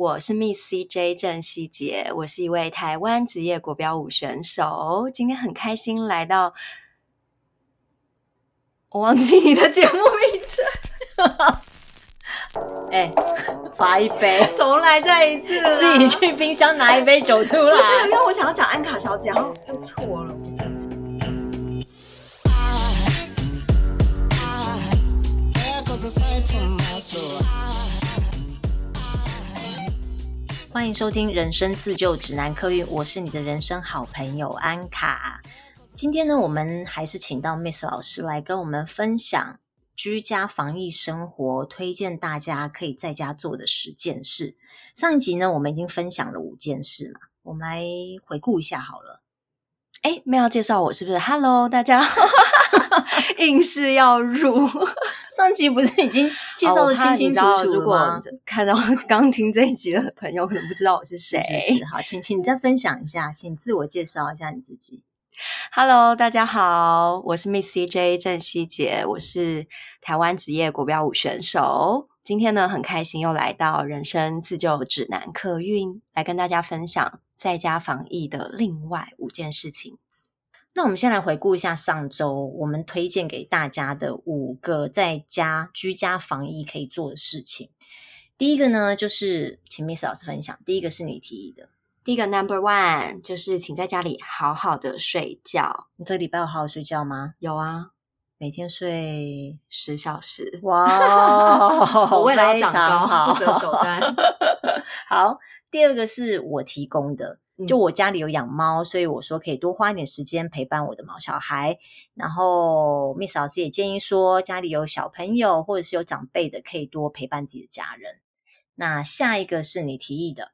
我是 Miss CJ 鄭希婕，我是一位台灣職業國標舞選手。今天很開心來到，我忘記你的節目名字。哎、 欸，罰一杯，重來再一次。自己去冰箱拿一杯酒出來。 不是，因為我想要講安卡小姐，然後又錯了。 歡迎收聽《人生自救指南》客運，我是你的人生好朋友安卡。今天呢，我們還是請到 Miss 老師來跟我們分享居家防疫生活，推薦大家可以在家做的十件事。上一集呢，我們已經分享了五件事嘛，我們來回顧一下好了。哎，沒有介紹我是不是？Hello，大家， 硬是要入。 上集不是已經介紹得清清楚楚嗎？哦。如果看到剛聽這一集的朋友， 可能不知道我是誰。是，是，是。好，請請你再分享一下，請自我介紹一下你自己。Hello，大家好，我是 Miss CJ 鄭希婕，我是台灣職業國標舞選手。今天呢，很開心又來到《人生自救指南》客運，來跟大家分享在家防疫的另外五件事情。那我們先來回顧一下上周我們推薦給大家的五個在家居家防疫可以做的事情。第一個呢，就是請 Miss 老師分享，第一個是你提議的。第一個 Number One 就是請在家裡好好的睡覺。你這個禮拜有好好睡覺嗎？有啊。每天睡十小時。哇， 我未來要長高，長高，不擇手段。好，第二個是我提供的，就我家裡有養貓，嗯，所以我說可以多花一點時間陪伴我的毛小孩。然後 Miss 老師也建議說，家裡有小朋友或者是有長輩的，可以多陪伴自己的家人。那下一個是你提議的，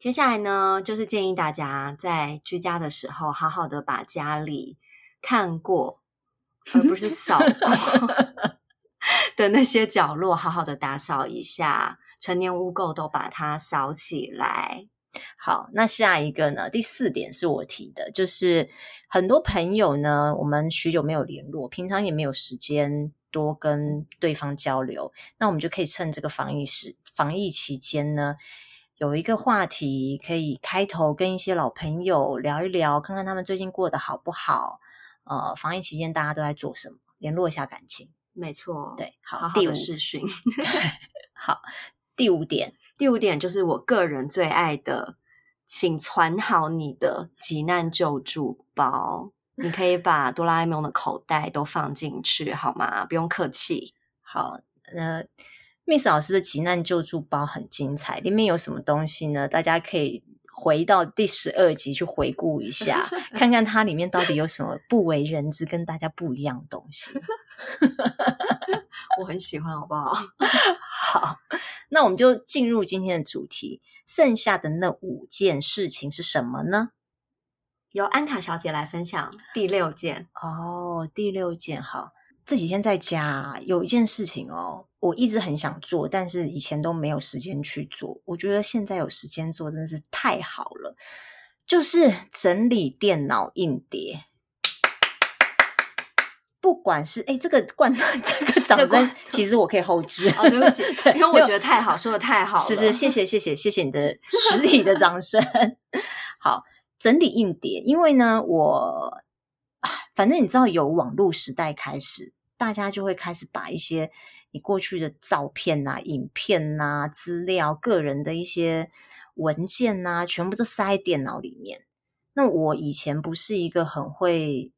接下來呢，就是建議大家在居家的時候，好好的把家裡看過。 而不是掃的那些角落，好好的打掃一下，陳年污垢都把它掃起來。好，那下一個呢？第四點是我提的，就是很多朋友呢，我們許久沒有聯絡，平常也沒有時間多跟對方交流，那我們就可以趁這個防疫時、防疫期間呢，有一個話題可以開頭跟一些老朋友聊一聊，看看他們最近過得好不好。呃，防疫期間大家都在做什麼？聯絡一下感情，沒錯，對，好，第五好好視訊，對 好，第五點，第五點就是我個人最愛的，請傳好你的急難救助包， 你可以把哆啦 A 夢的口袋都放進去，好嗎？不用客氣，好，那、呃、Miss 老師的急難救助包很精彩，裡面有什麼東西呢？大家可以。回到第十二集去回顧一下， 看看它裡面到底有什麼不為人知、 跟大家不一樣的東西。 我很喜歡，好不好？ 好，那我們就進入今天的主題。剩下的那五件事情是什麼呢？由安卡小姐來分享第六件。哦，第六件好。這幾天在家有一件事情哦。我一直很想做，但是以前都沒有時間去做。我覺得現在有時間做，真的是太好了。就是整理電腦硬碟， 不管是哎、欸，這個罐，這個掌聲，其實我可以後製。哦。對不起 對，因為我覺得太好，說得太好了。是是，謝謝謝謝謝謝你的實體的掌聲。 好，整理硬碟，因為呢，我反正你知道，有網路時代開始，大家就會開始把一些。你過去的照片啊，影片啊，資料、個人的一些文件啊，全部都塞電腦裡面。那我以前不是一個很會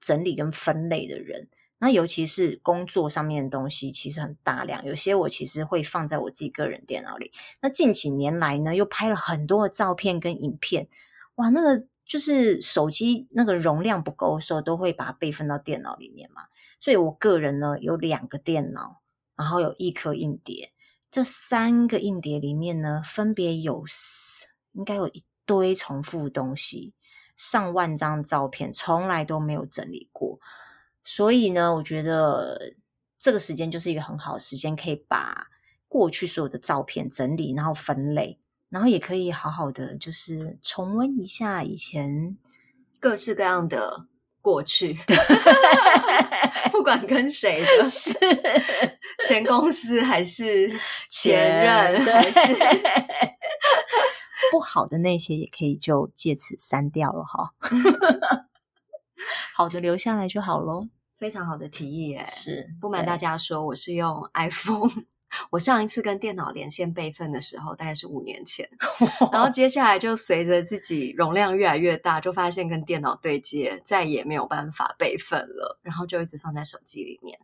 整理跟分類的人，那尤其是工作上面的東西，其實很大量。有些我其實會放在我自己個人電腦裡。那近幾年來呢，又拍了很多的照片跟影片，哇，那個就是手機那個容量不夠的時候，都會把它備份到電腦裡面嘛。所以我個人呢，有兩個電腦。然後有一顆硬碟，這三個硬碟裡面呢，分別有，應該有一堆重複的東西，上萬張照片，從來都沒有整理過。所以呢，我覺得這個時間就是一個很好的時間，可以把過去所有的照片整理，然後分類，然後也可以好好的就是重溫一下以前各式各樣的。過去， 不管跟誰都是前公司還是前任，前還是不好的那些，也可以就借此刪掉了哈。 好的留下來就好嘍。非常好的提議耶、欸！是，不瞞大家說，我是用 iPhone。我上一次跟電腦連線備份的時候，大概是五年前。然後接下來就隨着自己容量越來越大，就發現跟電腦對接再也沒有辦法備份了。然後就一直放在手機裡面。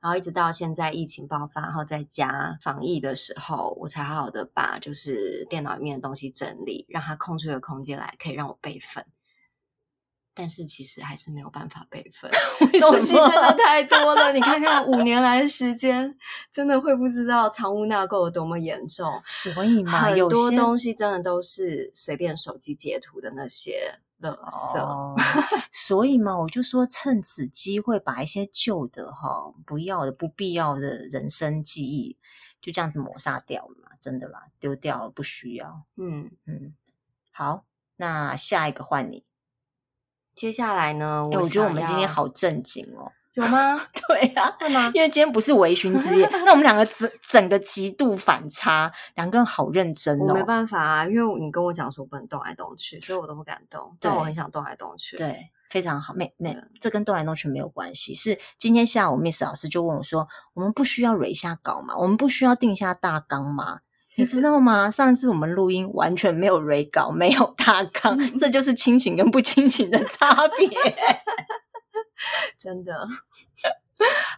然後一直到現在疫情爆發，然後在家防疫的時候，我才好好的把就是電腦裡面的東西整理，讓它空出一個空間來，可以讓我備份。但是其實還是沒有辦法備份，東西真的太多了。 你看看五年來的時間， 真的會不知道藏污納垢有多麼嚴重。所以嘛，很多東西真的都是隨便手機截圖的那些垃圾。哦、所以嘛， 我就說趁此機會把一些舊的哈不要的不必要的人生記憶就這樣子抹殺掉了嘛，真的啦，丟掉了，不需要。嗯嗯，好，那下一個換你。接下來呢、欸，我？我覺得我們今天好正經哦。有嗎？對呀、啊， 因為今天不是微醺之夜， 那我們兩個整 整個極度反差，兩個人好認真哦。沒辦法啊，因為你跟我講說不能動來動去，所以我都不敢動，對但我很想動來動去。對，非常好。沒沒，這跟動來動去沒有關係，是今天下午 Miss 老師就問我說，我們不需要 review 一下稿嗎？我們不需要定下大綱嗎？你知道嗎？上一次我們錄音完全沒有稿，沒有大綱， 這就是清醒跟不清醒的差別。 真的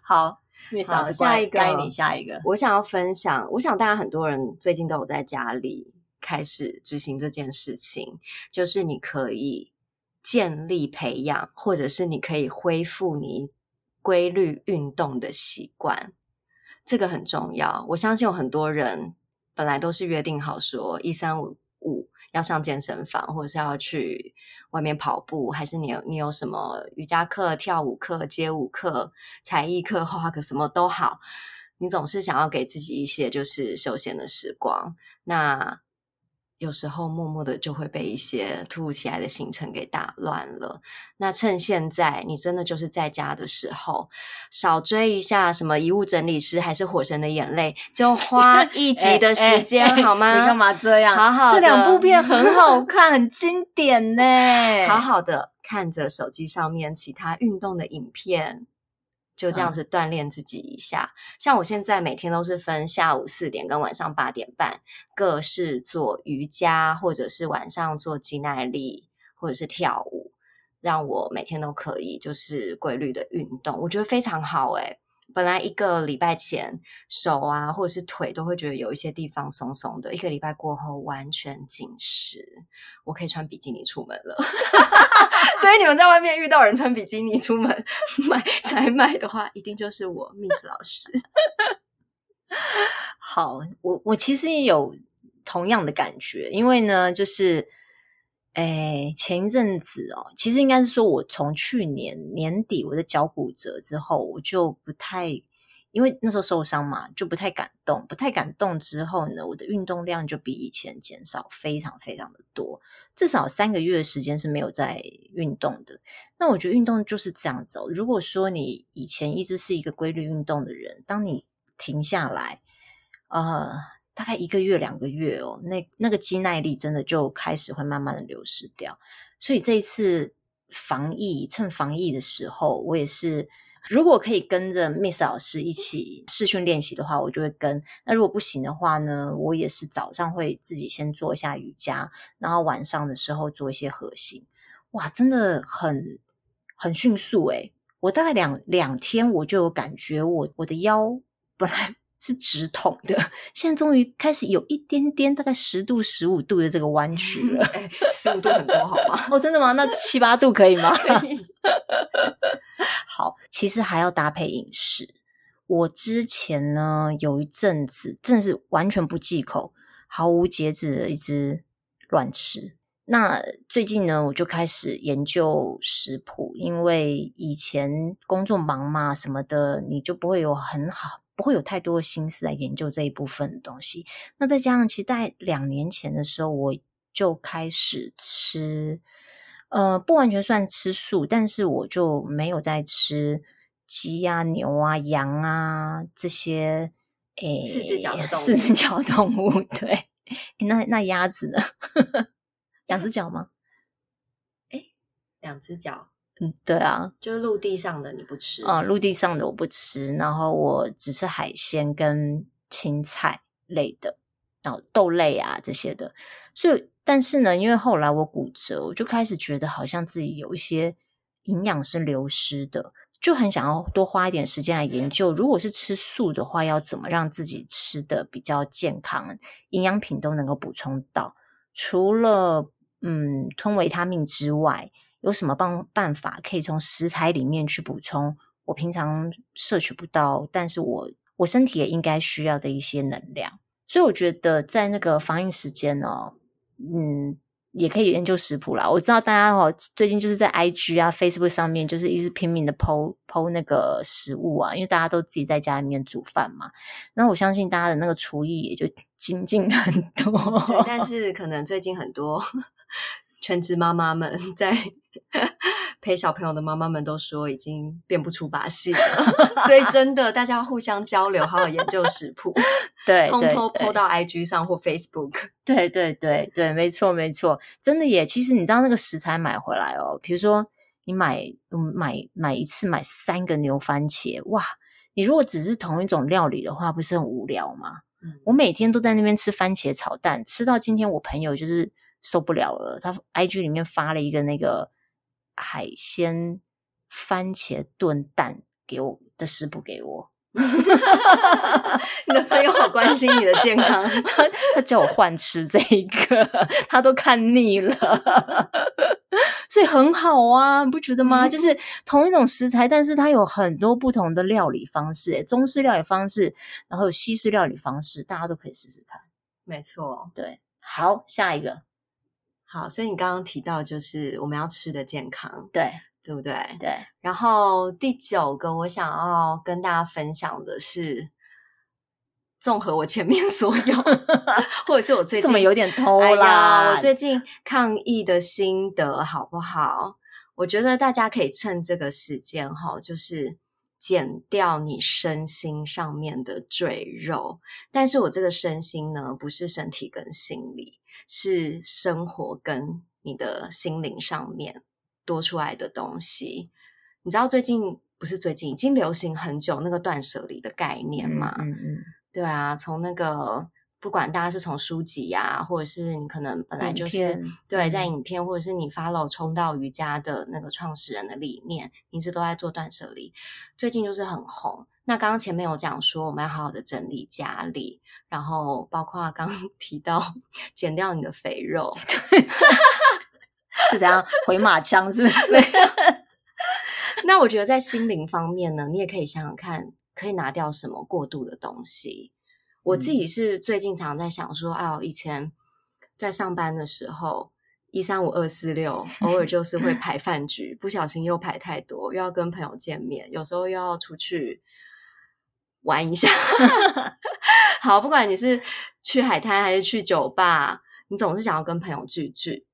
好，好，下一個你下一個。我想要分享，我想大家很多人最近都有在家裡開始執行這件事情，就是你可以建立培養，或者是你可以恢復你規律運動的習慣，這個很重要。我相信有很多人。本來都是約定好說一三五五要上健身房，或者是要去外面跑步，還是你有你有什麼瑜伽課、跳舞課、街舞課、才藝課，畫畫課，什麼都好，你總是想要給自己一些就是休閒的時光，那。有時候默默的就會被一些突如其來的行程給打亂了。那趁現在你真的就是在家的時候，少追一下什麼遺物整理師還是火神的眼淚，就花一集的時間好嗎、？ 欸欸欸？你幹嘛這樣？ 好好，這兩部片很好看，很經典呢。 好好的看着手機上面其他運動的影片。就這樣子鍛鍊自己一下，嗯，像我現在每天都是分下午四點跟晚上八點半各式做瑜伽，或者是晚上做肌耐力，或者是跳舞，讓我每天都可以就是規律的運動，我覺得非常好誒、欸本來一個禮拜前手啊，或者是腿都會覺得有一些地方鬆松的，一個禮拜過後完全緊實，我可以穿比基尼出門了。 所以你們在外面遇到人穿比基尼出門買才買的話， 一定就是我 Miss 老師。 好，我我其實也有同樣的感覺，因為呢，就是。哎，前一陣子哦，其實應該是說，我從去年年底我的腳骨折之後，我就不太，因為那時候受傷嘛，就不太敢動，不太敢動之後呢，我的運動量就比以前減少非常非常的多，至少三個月的時間是沒有在運動的。那我覺得運動就是這樣子哦，如果說你以前一直是一個規律運動的人，當你停下來，啊，呃。大概一個月，兩個月哦，那那個肌耐力真的就開始會慢慢的流失掉。所以這一次防疫，趁防疫的時候，我也是如果可以跟着 Miss 老師一起視訊練習的話，我就會跟。那如果不行的話呢，我也是早上會自己先做一下瑜伽，然後晚上的時候做一些核心。哇，真的很很迅速誒、欸，我大概兩兩天我就有感覺我，我我的腰本來，是直筒的，現在終於開始有一點點，大概十度、十五度的這個彎曲了。欸、十五度很多好嗎？哦，真的嗎？那七八度可以嗎？可以。 好，其實還要搭配飲食。我之前呢，有一陣子，真的是完全不忌口，毫無節制，一直亂吃。那最近呢，我就開始研究食譜，因為以前工作忙嘛什麼的，你就不會有很好。不會有太多的心思來研究這一部分的東西。那再加上，其實在兩年前的時候，我就開始吃，呃，不完全算吃素，但是我就沒有在吃雞啊、牛啊、羊啊這些誒，四隻腳的動物，四隻腳動物。對， 那那鴨子呢？ 兩隻腳嗎？哎、嗯，兩隻腳。嗯，對啊，就是陸地上的你不吃。嗯，陸地上的我不吃，然後我只吃海鮮跟青菜類的，然後豆類啊這些的。所以，但是呢，因為後來我骨折，我就開始覺得好像自己有一些營養是流失的，就很想要多花一點時間來研究，如果是吃素的話，要怎麼讓自己吃的比較健康，營養品都能夠補充到，除了嗯吞維他命之外，有什麼辦法可以從食材裡面去補充我平常攝取不到，但是我我身體也應該需要的一些能量。所以我覺得在那個防疫時間呢、哦，嗯，也可以研究食譜啦。我知道大家哦，最近就是在 IG 啊、Facebook 上面，就是一直拼命的 PO PO 那個食物啊，因為大家都自己在家裡面煮飯嘛。那我相信大家的那個廚藝也就精進很多。對，但是可能最近很多。 全職媽媽們在陪小朋友的媽媽們都說已經變不出把戲了， 所以真的，大家要互相交流，好好研究食譜， 對，偷偷 PO 到 IG 上或 Facebook，對對對對，沒錯沒錯，真的耶，其實你知道那個食材買回來哦，比如說你買買買一次買三個牛番茄，哇，你如果只是同一種料理的話，不是很無聊嗎？我每天都在那邊吃番茄炒蛋，吃到今天，我朋友就是。受不了了，他 IG 裡面發了一個那個海鮮番茄燉蛋給我的食譜給我 你的朋友好關心你的健康， 他他叫我換吃這一個，他都看膩了， 所以很好啊，你不覺得嗎？就是同一種食材，但是它有很多不同的料理方式，欸，中式料理方式，然後西式料理方式，大家都可以試試看。沒錯，對，好，下一個。好，所以你剛剛提到就是我們要吃的健康，對，對不對？對。然後第九個，我想要跟大家分享的是，綜合我前面所有， 或者是我最近怎麼有點偷啦、哎？我最近抗疫的心得好不好？我覺得大家可以趁這個時間哈、哦，就是減掉你身心上面的贅肉。但是我這個身心呢，不是身體跟心理。是生活跟你的心靈上面多出來的東西。你知道最近不是最近已經流行很久那個斷捨離的概念嘛？嗯嗯，嗯。對啊，從那個不管大家是從書籍呀、啊，或者是你可能本來就是對在影片、嗯，或者是你 follow 衝到瑜伽的那個創始人的理念，一直都在做斷捨離，最近就是很紅。那剛剛前面有講說我們要好好的整理家裡。然後包括剛提到減掉你的肥肉 是怎樣，回馬槍是不是？ 那我覺得在心靈方面呢，你也可以想想看，可以拿掉什麼過度的東西。我自己是最近常在想說，哦、哎，以前在上班的時候，一三五二四六，偶爾就是會排飯局， 不小心又排太多，又要跟朋友見面，有時候又要出去。玩一下 好，不管你是去海灘還是去酒吧，你總是想要跟朋友聚聚。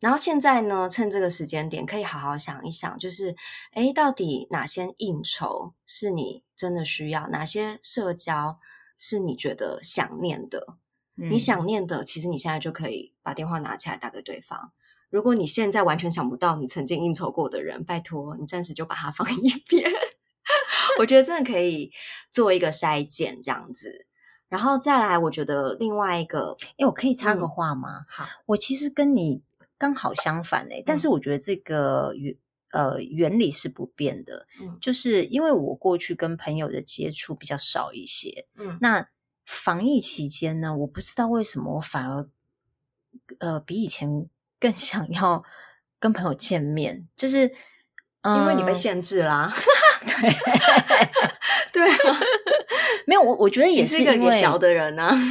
然後現在呢，趁這個時間點，可以好好想一想，就是，哎，到底哪些應酬是你真的需要，哪些社交是你覺得想念的？嗯。你想念的，其實你現在就可以把電話拿起來打給對方。如果你現在完全想不到你曾經應酬過的人，拜託你暫時就把它放一邊。我覺得真的可以做一個篩檢這樣子，然後再來，我覺得另外一個、嗯，哎、欸，我可以插個話嗎、嗯？好，我其實跟你剛好相反、欸嗯、但是我覺得這個原呃原理是不變的、嗯，就是因為我過去跟朋友的接觸比較少一些，嗯、那防疫期間呢，我不知道為什麼我反而呃比以前更想要跟朋友見面，就是。因為你被限制啦、啊，嗯、 對對、啊 沒有我我覺得也是因為你個小的人呢、啊， 不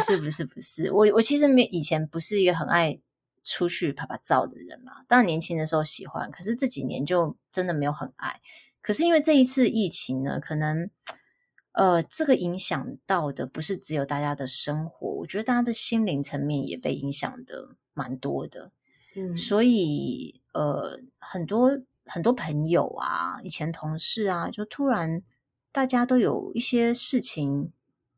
是不是不是，我我其實沒以前不是一個很愛出去拍拍照的人嘛，當然年輕的時候喜歡，可是這幾年就真的沒有很愛。可是因為這一次疫情呢，可能呃，這個影響到的不是只有大家的生活，我覺得大家的心靈層面也被影響的蠻多的，嗯，所以呃很多。很多朋友啊，以前同事啊，就突然大家都有一些事情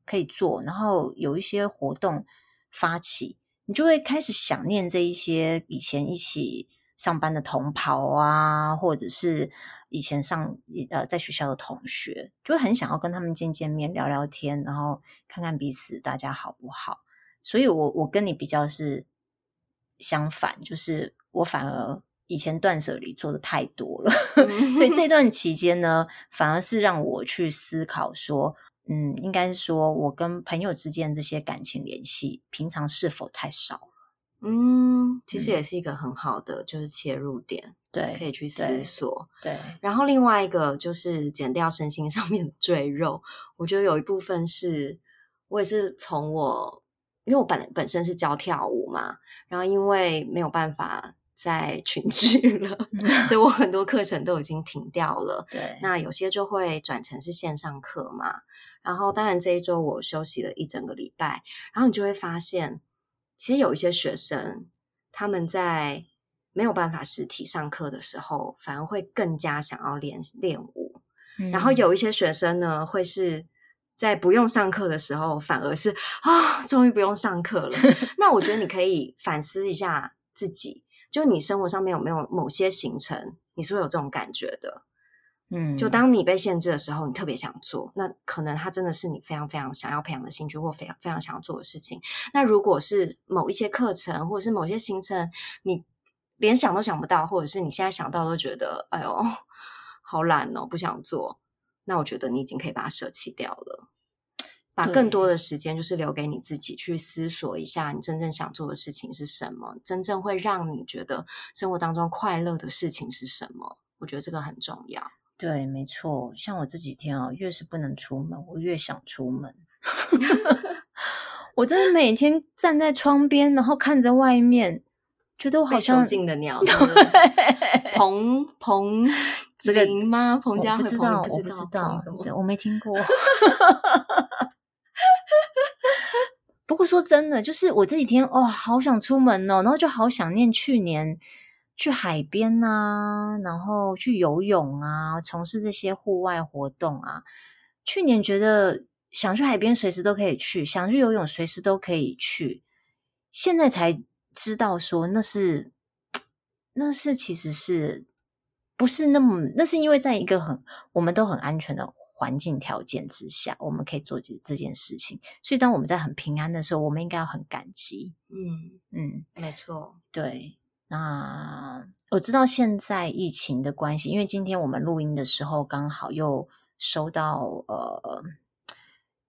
可以做，然後有一些活動發起，你就會開始想念這一些以前一起上班的同袍啊，或者是以前上呃在學校的同學，就會很想要跟他們見見面、聊聊天，然後看看彼此大家好不好。所以我，我我跟你比較是相反，就是我反而。以前斷捨離做的太多了 所以這段期間呢，反而是讓我去思考說，嗯，應該說，我跟朋友之間這些感情聯繫，平常是否太少？嗯，其實也是一個很好的、嗯、就是切入點，對，可以去思索。對，對。然後另外一個就是減掉身心上面的贅肉，我覺得有一部分是我也是從我，因為我本本身是教跳舞嘛，然後因為沒有辦法。在群聚了， 所以我很多課程都已經停掉了。對，那有些就會轉成是線上課嘛。然後，當然這一周我休息了一整個禮拜。然後你就會發現，其實有一些學生他們在沒有辦法實體上課的時候，反而會更加想要練練舞。嗯，然後有一些學生呢，會是在不用上課的時候，反而是啊，哦，終於不用上課了。 那我覺得你可以反思一下自己。就你生活上面有沒有某些行程，你是會有這種感覺的，嗯，就當你被限制的時候，你特別想做，那可能它真的是你非常非常想要培養的興趣，或非常非常想要做的事情。那如果是某一些課程，或者是某些行程，你連想都想不到，或者是你現在想到都覺得哎呦，好懶哦，不想做，那我覺得你已經可以把它捨棄掉了。把更多的時間就是留給你自己去思索一下，你真正想做的事情是什麼，真正會讓你覺得生活當中快樂的事情是什麼？我覺得這個很重要。對，沒錯。像我這幾天哦，越是不能出門，我越想出門。 我真的每天站在窗邊，然後看着外面，覺得我好像囚禁的鳥。彭 彭不是、 這個、林嗎？彭家不知道，我不知道，我不知道，對，我沒聽過。 說真的，就是我這幾天哦，好想出門哦，然後就好想念去年去海邊啊，然後去游泳啊，從事這些戶外活動啊。去年覺得想去海邊隨時都可以去，想去游泳隨時都可以去，現在才知道說那是那是，其實是不是那麼？那是因為在一個很我們都很安全的。環境條件之下，我們可以做這件事情。所以，當我們在很平安的時候，我們應該要很感激。嗯嗯，沒錯，對。那我知道現在疫情的關係，因為今天我們錄音的時候，剛好又收到呃，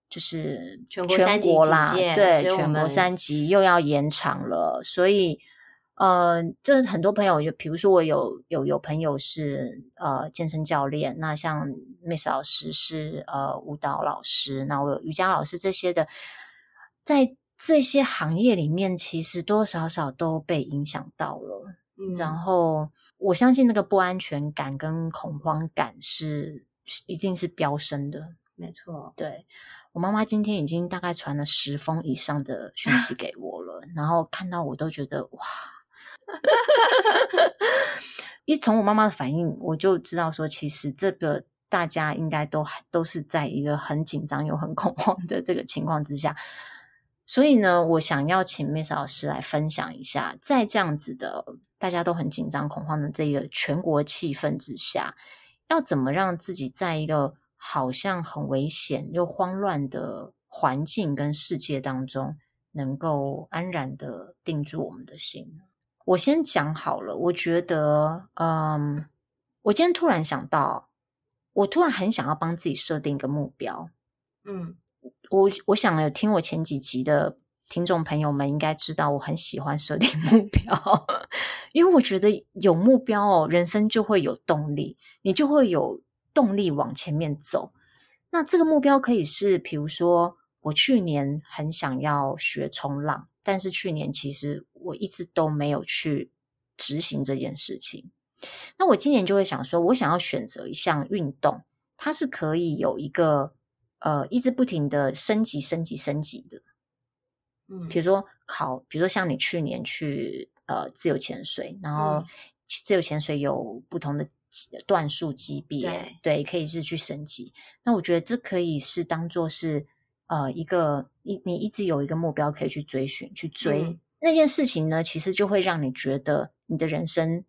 就是全國，全國三級啦，對，全國三級又要延長了，所以。呃，就是很多朋友，就比如說我有有有朋友是呃健身教練，那像 Miss 老師是呃舞蹈老師，那我有瑜伽老師這些的，在這些行業裡面，其實多多少少都被影響到了，嗯。然後我相信那個不安全感跟恐慌感是一定是飆升的，沒錯。對。我媽媽今天已經大概傳了十封以上的訊息給我了，啊、然後看到我都覺得哇。哈，一從我媽媽的反應，我就知道說，其實這個大家應該都都是在一個很緊張又很恐慌的這個情況之下。所以呢，我想要請 Miss 老師來分享一下，在這樣子的大家都很緊張、恐慌的這個全國氣氛之下，要怎麼讓自己在一個好像很危險又慌亂的環境跟世界當中，能夠安然的定住我們的心呢？我先講好了，我覺得，嗯，我今天突然想到，我突然很想要幫自己設定一個目標，嗯，我我想有聽我前幾集的聽眾朋友們應該知道，我很喜歡設定目標， 因為我覺得有目標哦，人生就會有動力，你就會有動力往前面走。那這個目標可以是，比如說我去年很想要學衝浪。但是去年其實我一直都沒有去執行這件事情，那我今年就會想說，我想要選擇一項運動，它是可以有一個呃一直不停的升級、升級、升級的，嗯，比如說考，比如說像你去年去呃自由潛水，然後、嗯、自由潛水有不同的段數級別對，對，可以是去升級。那我覺得這可以是當做是。呃，一個你你一直有一個目標可以去追尋，去追、嗯、那件事情呢，其實就會讓你覺得你的人生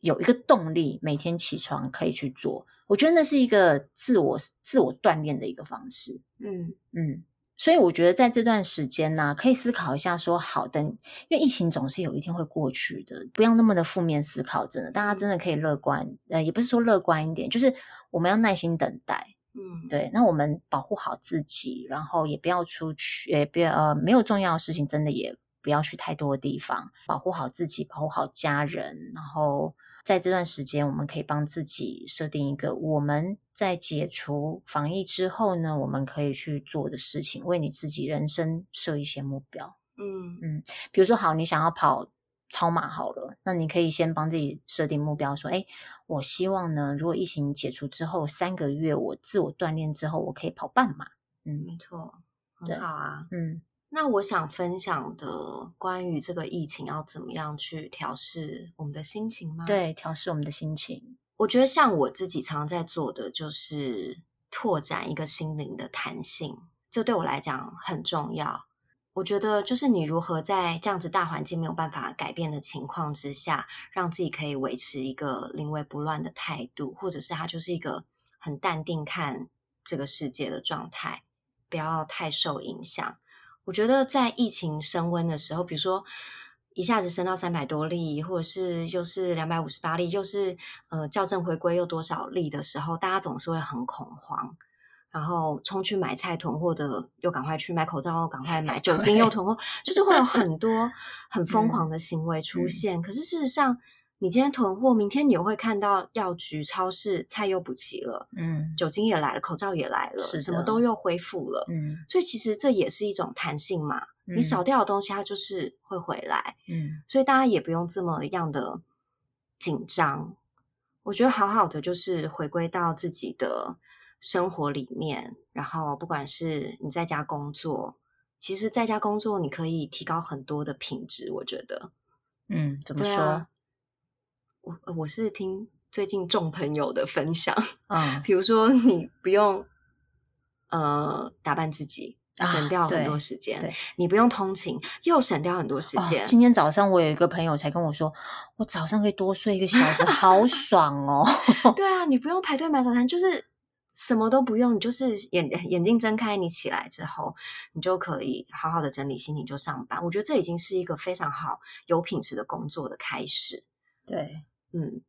有一個動力，每天起床可以去做。我覺得那是一個自我自我鍛鍊的一個方式。嗯嗯，所以我覺得在這段時間呢、啊，可以思考一下說，說好等，因為疫情總是有一天會過去的，不要那麼的負面思考。真的，大家真的可以樂觀、嗯，呃，也不是說樂觀一點，就是我們要耐心等待。嗯，對，那我們保護好自己，然後也不要出去，也不要，呃、沒有重要的事情，真的也不要去太多的地方，保護好自己，保護好家人，然後在這段時間，我們可以幫自己設定一個，我們在解除防疫之後呢，我們可以去做的事情，為你自己人生設一些目標。嗯嗯，比如說好，你想要跑超馬好了，那你可以先幫自己設定目標，說：“誒，我希望呢，如果疫情解除之後三個月，我自我鍛鍊之後，我可以跑半馬。”嗯，沒錯，很好啊。嗯，那我想分享的關於這個疫情要怎麼樣去調適我們的心情嗎？對，調適我們的心情。我覺得像我自己常常在做的，就是拓展一個心靈的彈性，這對我來講很重要。我覺得就是你如何在這樣子大環境沒有辦法改變的情況之下，讓自己可以維持一個臨危不亂的態度，或者是他就是一個很淡定看這個世界的狀態，不要太受影響。我覺得在疫情升溫的時候，比如說一下子升到三百多例，或者是又是兩百五十八例，又是，呃，校正回歸又多少例的時候，大家總是會很恐慌。然後衝去買菜囤貨的，又趕快去買口罩，又趕快買酒精，又囤貨，就是會有很多很瘋狂的行為出現。可是事實上，你今天囤貨，明天你又會看到藥局、超市菜又補齊了，嗯，酒精也來了，口罩也來了，什麼都又恢復了，嗯，所以其實這也是一種彈性嘛，你少掉的東西它就是會回來，嗯，所以大家也不用這麼樣的緊張。我覺得好好的就是回歸到自己的。生活裡面，然後不管是你在家工作，其實在家工作，你可以提高很多的品質。我覺得，嗯，怎麼說？啊、我我是聽最近眾朋友的分享，嗯、哦，比如說你不用呃打扮自己，省掉很多時間、啊對對；你不用通勤，又省掉很多時間、哦。今天早上我有一個朋友才跟我說，我早上可以多睡一個小時， 好爽哦！對啊，你不用排隊買早餐，就是。什麼都不用，你就是眼眼睛睜開，你起來之後，你就可以好好的整理心情就上班。我覺得這已經是一個非常好有品質的工作的開始。對，嗯，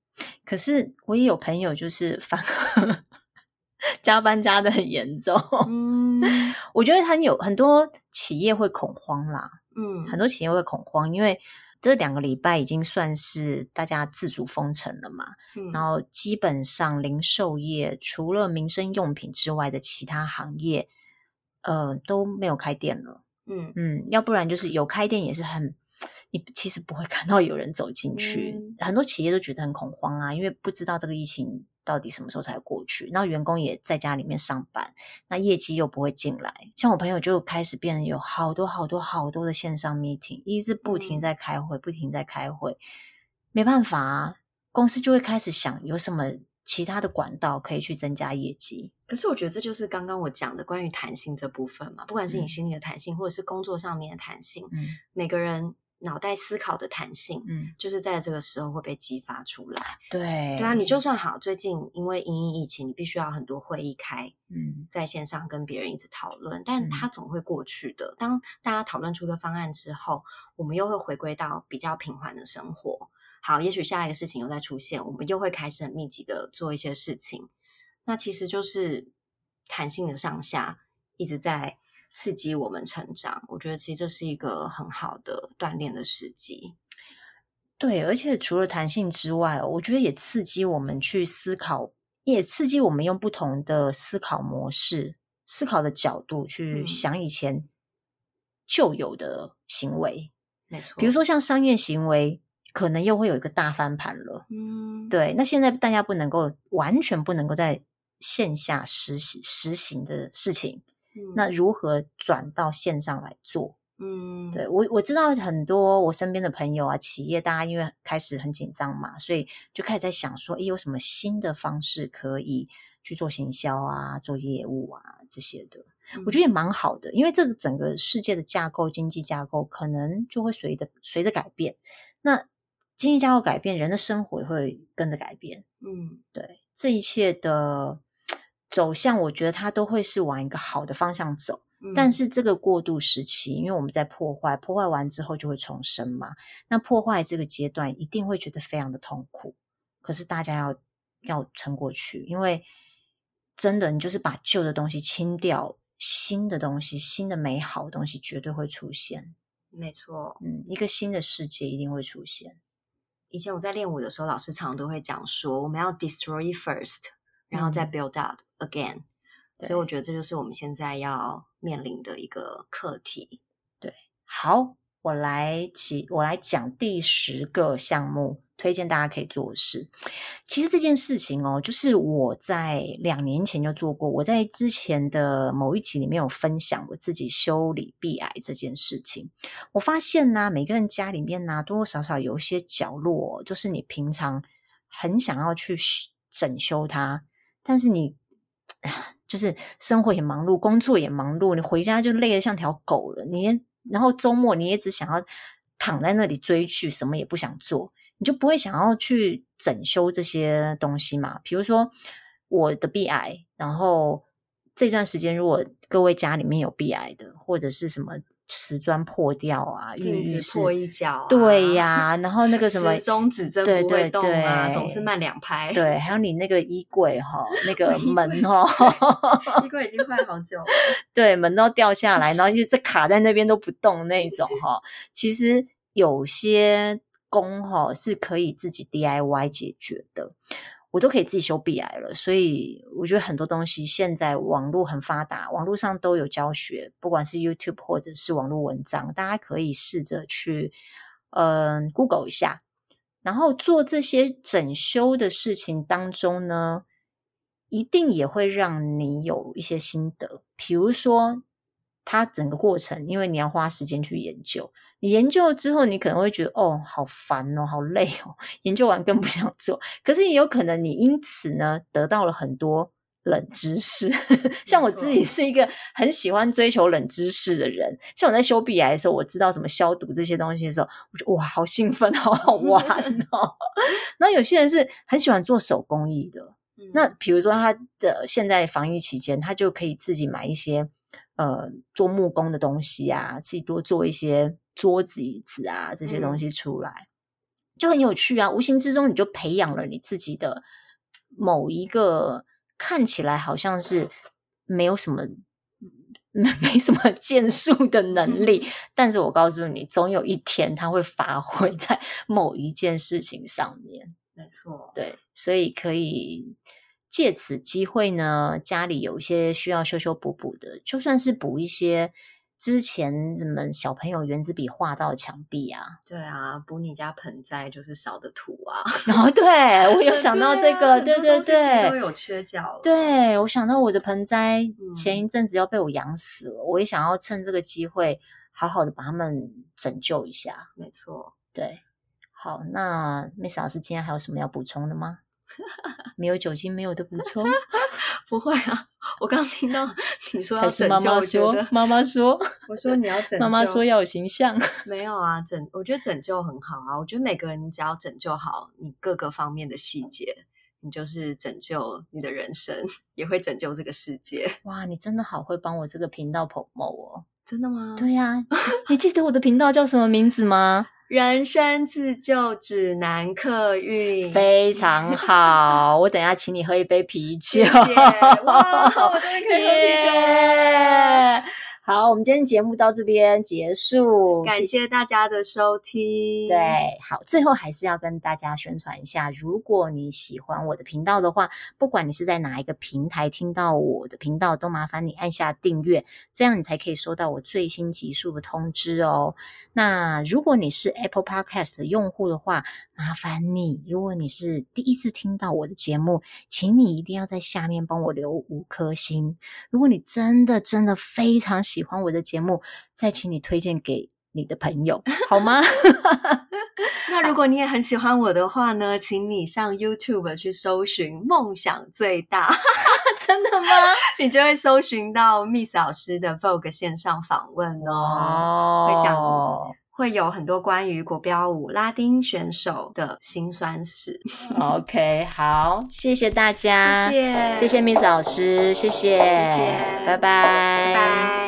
可是我也有朋友就是反而 加班加得很嚴重。嗯，我覺得很有很多企業會恐慌啦。嗯，很多企業會恐慌，因為。這兩個禮拜已經算是大家自主封城了嘛，嗯、然後基本上零售業除了民生用品之外的其他行業，呃都沒有開店了，嗯，要不然就是有開店也是很，你其實不會看到有人走進去，嗯、很多企業都覺得很恐慌啊，因為不知道這個疫情到底什麼時候才過去？那員工也在家裡面上班，那業績又不會進來。像我朋友就開始變得有好多好多好多的線上 meeting，一直不停在開會，嗯，不停在開會，沒辦法啊。公司就會開始想有什麼其他的管道可以去增加業績。可是我覺得這就是剛剛我講的關於彈性這部分嘛，不管是你心裡的彈性、嗯，或者是工作上面的彈性，嗯，每個人。腦袋思考的彈性，嗯，就是在這個時候會被激發出來。對，對啊，你就算好，最近因為因應疫情，你必須要很多會議開，嗯，在線上跟別人一直討論，但它總會過去的。嗯、當大家討論出個方案之後，我們又會回歸到比較平緩的生活。好，也許下一個事情又再出現，我們又會開始很密集的做一些事情。那其實就是彈性的上下一直在刺激我們成長，我覺得其實這是一個很好的鍛鍊的時機。對，而且除了彈性之外，我覺得也刺激我們去思考，也刺激我們用不同的思考模式、思考的角度去想以前舊有的行為。嗯，沒錯。比如說像商業行為，可能又會有一個大翻盤了。嗯、對。那現在大家不能夠完全不能夠在線下實行實行的事情。那如何轉到線上來做？嗯，對，我我知道很多我身邊的朋友啊，企業大家因為開始很緊張嘛，所以就開始在想說，誒，有什麼新的方式可以去做行銷啊，做業務啊這些的、嗯。我覺得也蠻好的，因為這個整個世界的架構、經濟架構可能就會隨着隨着改變。那經濟架構改變，人的生活也會跟着改變。嗯，對，這一切的。走向我覺得它都會是往一個好的方向走，嗯，但是這個過渡時期，因為我們在破壞，破壞完之後就會重生嘛。那破壞這個階段一定會覺得非常的痛苦，可是大家要要撐過去，因為真的，你就是把舊的東西清掉，新的東西，新的美好的東西絕對會出現。沒錯，嗯，一個新的世界一定會出現。以前我在練舞的時候，老師常常都會講說，我們要 destroy first，然後再 build up。嗯 again，所以我覺得這就是我們現在要面臨的一個課題。對，好，我來起，我來講第十個項目，推薦大家可以做的事。其實這件事情哦，就是我在兩年前就做過，我在之前的某一集裡面有分享我自己修理壁癌這件事情。我發現呢、啊，每個人家裡面呢、啊，多多少少有一些角落，就是你平常很想要去整修它，但是你就是生活也忙碌，工作也忙碌，你回家就累得像條狗了。你也然後周末你也只想要躺在那裡追劇，什麼也不想做，你就不會想要去整修這些東西嘛？比如說我的壁癌，然後這段時間如果各位家裡面有壁癌的或者是什麼。瓷磚破掉啊，鏡子破一角、啊，對呀、啊，然後那個什麼鐘 指針不會動啊，對對，總是慢兩拍。對，還有你那個衣櫃哈、哦， 那個門哈、哦，衣櫃， 衣櫃已經壞好久，對，門都要掉下來，然後一直卡在那邊都不動那種哈、哦。 其實有些工哈、哦、是可以自己 DIY 解決的。我都可以自己修 BI 了，所以我覺得很多東西現在網絡很發達，網絡上都有教學，不管是 YouTube 或者是網絡文章，大家可以試着去，嗯、呃，Google 一下，然後做這些整修的事情當中呢，一定也會讓你有一些心得，比如說它整個過程，因為你要花時間去研究。你研究之後，你可能會覺得哦，好煩哦，好累哦。研究完更不想做。可是也有可能你因此呢，得到了很多冷知識。 像我自己是一個很喜歡追求冷知識的人。像我在修 B 癌的時候，我知道怎麼消毒這些東西的時候，我就哇，好興奮，好好玩哦。那 有些人是很喜歡做手工藝的。那比如說他的現在防疫期間，他就可以自己買一些呃做木工的東西啊，自己多做一些。桌子、椅子啊，這些東西出來，嗯、就很有趣啊！無形之中，你就培養了你自己的某一個看起來好像是沒有什麼、沒什麼建樹的能力，嗯。但是我告訴你，總有一天它會發揮在某一件事情上面。沒錯，對，所以可以借此機會呢，家裡有一些需要修修補補的，就算是補一些。之前什麼小朋友原子筆畫到牆壁啊？對啊，補你家盆栽就是少的土啊。 然後對，對我有想到這個，對、啊、對,對對，都有缺角了。對我想到我的盆栽前一陣子要被我養死了、嗯，我也想要趁這個機會好好的把他們拯救一下。沒錯，對，好，那 Miss 老師今天還有什麼要補充的嗎？ 沒有酒精沒有的補充， 不會啊！我剛剛聽到你說要拯救，還是媽媽說，媽媽說，我說你要拯救，媽媽說要有形象， 沒有啊整！我覺得拯救很好啊！我覺得每個人只要拯救好你各個方面的細節，你就是拯救你的人生，也會拯救這個世界。哇，你真的好會幫我這個頻道 promo 哦！真的嗎？對呀、啊， 你記得我的頻道叫什麼名字嗎？人生自救指南客運，客運非常好。 我等一下請你喝一杯啤酒。謝謝，我終於可以喝啤好，我們今天節目到這邊結束，感謝大家的收聽。謝謝。對，好，最後還是要跟大家宣傳一下，如果你喜歡我的頻道的話，不管你是在哪一個平台聽到我的頻道，都麻煩你按下訂閱，這樣你才可以收到我最新集數的通知哦。那如果你是 Apple Podcast 的用戶的話，麻煩你，如果你是第一次聽到我的節目，請你一定要在下面幫我留五顆星。如果你真的真的非常喜歡我的節目，再請你推薦給你的朋友，好嗎？ 那如果你也很喜歡我的話呢，啊、請你上 YouTube 去搜尋“夢想最大”， 真的嗎？ 你就會搜尋到 Miss 老師的 Vogue 線上訪問哦，哦會講。會有很多關於國標舞、拉丁選手的辛酸史。OK，好， 謝謝大家，謝謝，謝謝 Miss 老師，謝謝，謝謝，拜拜，拜拜。